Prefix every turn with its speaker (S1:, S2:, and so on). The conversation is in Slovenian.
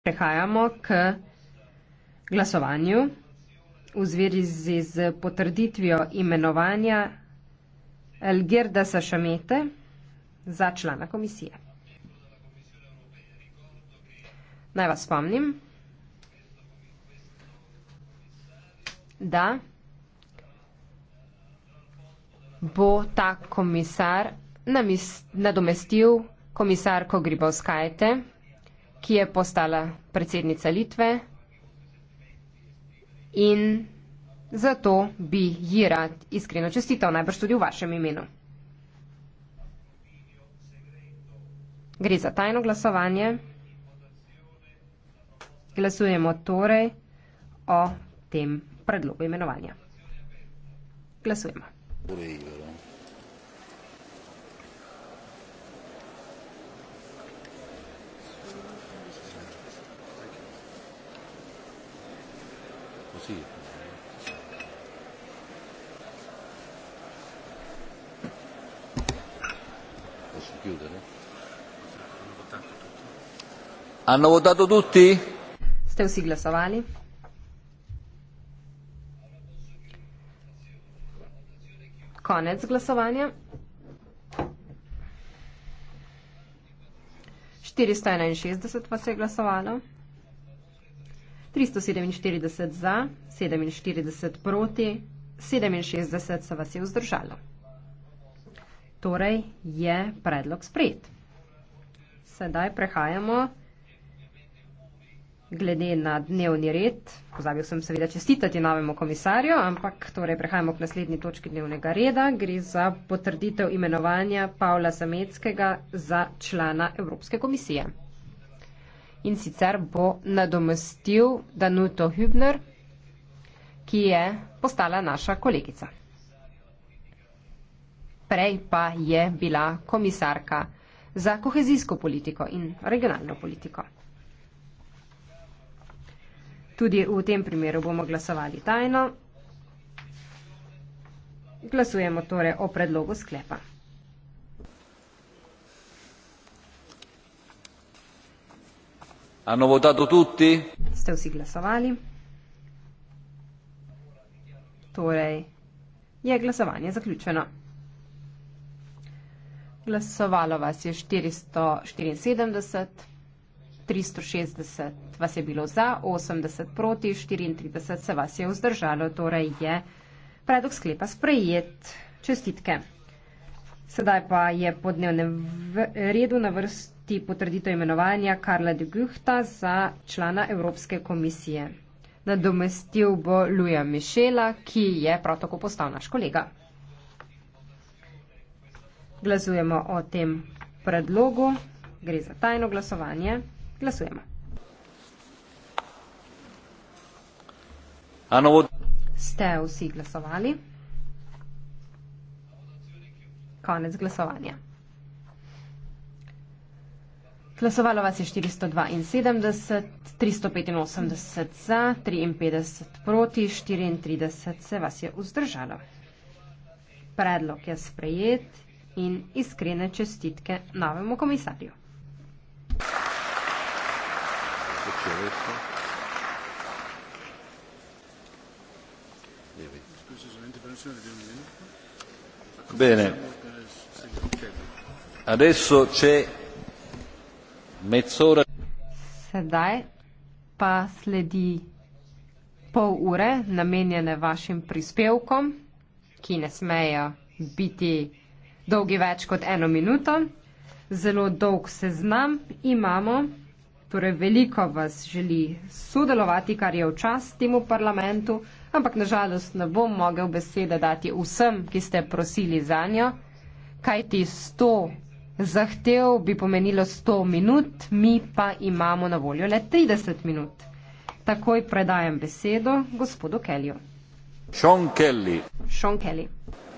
S1: Prehajamo k glasovanju v zveri z, z potrditvijo imenovanja Elgerda Sašamete za člana komisije. Naj vas spomnim, da bo ta komisar nadomestil komisarko Gribovskajte, ki je postala predsednica Litve in zato bi ji rad iskreno čestital, najbrž tudi v vašem imenu. Gre za tajno glasovanje. Glasujemo torej o tem predlogu imenovanja. Glasujemo. Torej, eh, così. Posso chiudere? Hanno votato tutti? Ste usigla Savali? Konec glasovanja. 461 vas je glasovalo, 347 za, 47 proti, 67 se vas je vzdržalo. Torej je predlog sprejet. Sedaj prehajamo glede na dnevni red. Pozabil sem seveda čestitati novemu komisarju, ampak torej prehajamo k naslednji točki dnevnega reda. Gre za potrditev imenovanja Pavla Zameckega za člana Evropske komisije in sicer bo nadomestil Danuto Hübner, ki je postala naša kolegica. Prej pa je bila komisarka za kohezijsko politiko in regionalno politiko. Tudi v tem primeru bomo glasovali tajno. Glasujemo torej o predlogu sklepa. Hanno votato tutti? Ste vsi glasovali? Torej, je glasovanje zaključeno. Glasovalo vas je 474, 360 vas je bilo za, 80 proti, 34 se vas je vzdržalo, torej je predlog sklepa sprejet. Čestitke. Sedaj pa je po dnevnem redu na vrsti potrditev imenovanja Karla de Guhta za člana Evropske komisije. Nadomestil bo Luja Mišela, ki je prav tako postal naš kolega. Glasujemo o tem predlogu. Gre za tajno glasovanje. Glasujemo. Ste vsi glasovali? Konec glasovanja. Glasovalo vas je 472, 385 za, 53 proti, 34 se vas je vzdržalo. Predlog je sprejet in iskrene čestitke novemu komisarju. Hvala. Bene. Adesso c'è mezz'ora. Sedaj pa sledi pol ure namenjene vašim prispevkom, ki ne smejo biti dolgi več kot eno minuto. Zelo dolg seznam imamo, torej veliko vas želi sodelovati, kar je v čast temu parlamentu ampak nažalost ne bom mogel besede dati vsem, ki ste prosili za njo, kaj ti sto zahtev bi pomenilo sto minut, mi pa imamo na voljo le 30 minut. Takoj predajam besedo gospodu Kelju. Sean Kelly. Sean Kelly.